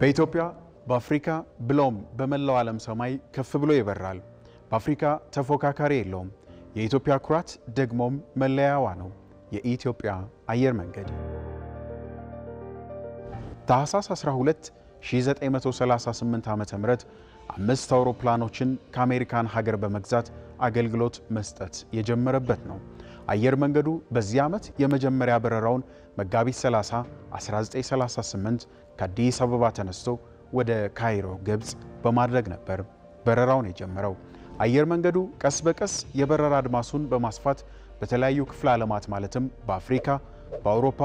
በኢትዮጵያ በአፍሪካ ብሎም በመላው ዓለም ሰማይ ከፍ ብሎ ይበራል። በአፍሪካ ተፎካካሪ የለውም። የኢትዮጵያ ኩራት ደግሞም መለያዋ ነው፣ የኢትዮጵያ አየር መንገድ። ታህሳስ 12 1938 ዓ ም አምስት አውሮፕላኖችን ከአሜሪካን ሀገር በመግዛት አገልግሎት መስጠት የጀመረበት ነው። አየር መንገዱ በዚህ ዓመት የመጀመሪያ በረራውን መጋቢት 30 1938 ከአዲስ አበባ ተነስቶ ወደ ካይሮ ግብፅ በማድረግ ነበር በረራውን የጀመረው። አየር መንገዱ ቀስ በቀስ የበረራ አድማሱን በማስፋት በተለያዩ ክፍለ ዓለማት ማለትም በአፍሪካ፣ በአውሮፓ፣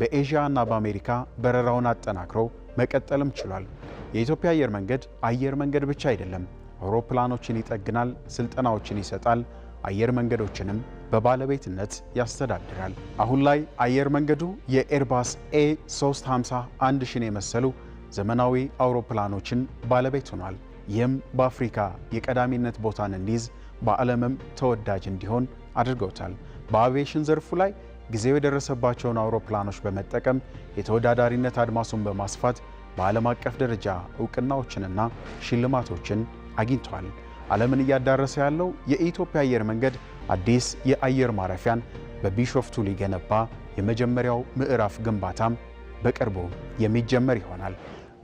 በኤዥያ እና በአሜሪካ በረራውን አጠናክሮ መቀጠልም ችሏል። የኢትዮጵያ አየር መንገድ አየር መንገድ ብቻ አይደለም፣ አውሮፕላኖችን ይጠግናል፣ ስልጠናዎችን ይሰጣል፣ አየር መንገዶችንም በባለቤትነት ያስተዳድራል። አሁን ላይ አየር መንገዱ የኤርባስ ኤ 350 ሺን የመሰሉ ዘመናዊ አውሮፕላኖችን ባለቤት ሆኗል። ይህም በአፍሪካ የቀዳሚነት ቦታን እንዲይዝ በዓለምም ተወዳጅ እንዲሆን አድርገውታል። በአቪዬሽን ዘርፉ ላይ ጊዜው የደረሰባቸውን አውሮፕላኖች በመጠቀም የተወዳዳሪነት አድማሱን በማስፋት በዓለም አቀፍ ደረጃ እውቅናዎችንና ሽልማቶችን አግኝተዋል። ዓለምን እያዳረሰ ያለው የኢትዮጵያ አየር መንገድ አዲስ የአየር ማረፊያን በቢሾፍቱ ሊገነባ የመጀመሪያው ምዕራፍ ግንባታም በቅርቡ የሚጀመር ይሆናል።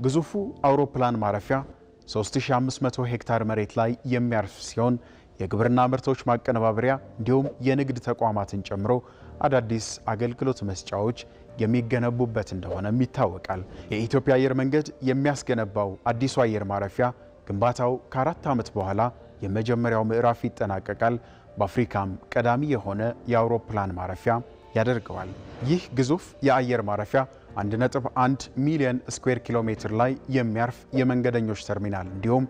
ግዙፉ አውሮፕላን ማረፊያ 3500 ሄክታር መሬት ላይ የሚያርፍ ሲሆን የግብርና ምርቶች ማቀነባበሪያ እንዲሁም የንግድ ተቋማትን ጨምሮ አዳዲስ አገልግሎት መስጫዎች የሚገነቡበት እንደሆነም ይታወቃል። የኢትዮጵያ አየር መንገድ የሚያስገነባው አዲሱ አየር ማረፊያ ግንባታው ከአራት ዓመት በኋላ የመጀመሪያው ምዕራፍ ይጠናቀቃል። በአፍሪካም ቀዳሚ የሆነ የአውሮፕላን ማረፊያ ያደርገዋል። ይህ ግዙፍ የአየር ማረፊያ 1.1 ሚሊዮን ስኩዌር ኪሎ ሜትር ላይ የሚያርፍ የመንገደኞች ተርሚናል እንዲሁም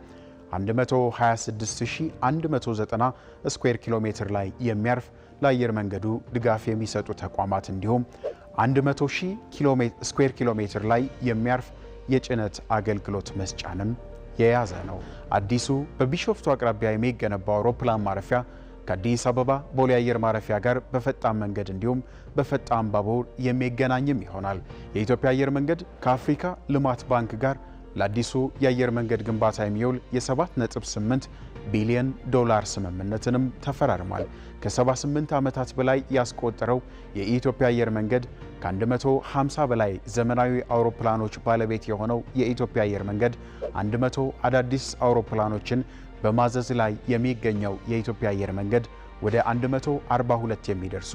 126190 ስኩዌር ኪሎ ሜትር ላይ የሚያርፍ ለአየር መንገዱ ድጋፍ የሚሰጡ ተቋማት እንዲሁም 100 ስኩዌር ኪሎ ሜትር ላይ የሚያርፍ የጭነት አገልግሎት መስጫንም የያዘ ነው። አዲሱ በቢሾፍቱ አቅራቢያ የሚገነባው አውሮፕላን ማረፊያ ከአዲስ አበባ ቦሌ አየር ማረፊያ ጋር በፈጣን መንገድ እንዲሁም በፈጣን ባቡር የሚገናኝም ይሆናል። የኢትዮጵያ አየር መንገድ ከአፍሪካ ልማት ባንክ ጋር ለአዲሱ የአየር መንገድ ግንባታ የሚውል የ7.8 ቢሊዮን ዶላር ስምምነትንም ተፈራርሟል። ከ78 ዓመታት በላይ ያስቆጠረው የኢትዮጵያ አየር መንገድ ከ150 በላይ ዘመናዊ አውሮፕላኖች ባለቤት የሆነው የኢትዮጵያ አየር መንገድ 100 አዳዲስ አውሮፕላኖችን በማዘዝ ላይ የሚገኘው የኢትዮጵያ አየር መንገድ ወደ 142 የሚደርሱ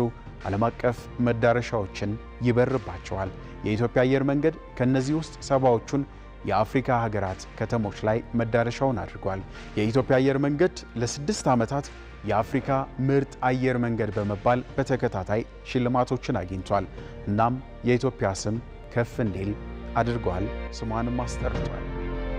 ዓለም አቀፍ መዳረሻዎችን ይበርባቸዋል። የኢትዮጵያ አየር መንገድ ከእነዚህ ውስጥ ሰባዎቹን የአፍሪካ ሀገራት ከተሞች ላይ መዳረሻውን አድርጓል። የኢትዮጵያ አየር መንገድ ለስድስት ዓመታት የአፍሪካ ምርጥ አየር መንገድ በመባል በተከታታይ ሽልማቶችን አግኝቷል። እናም የኢትዮጵያ ስም ከፍ እንዲል አድርጓል፣ ስሟንም አስጠርቷል።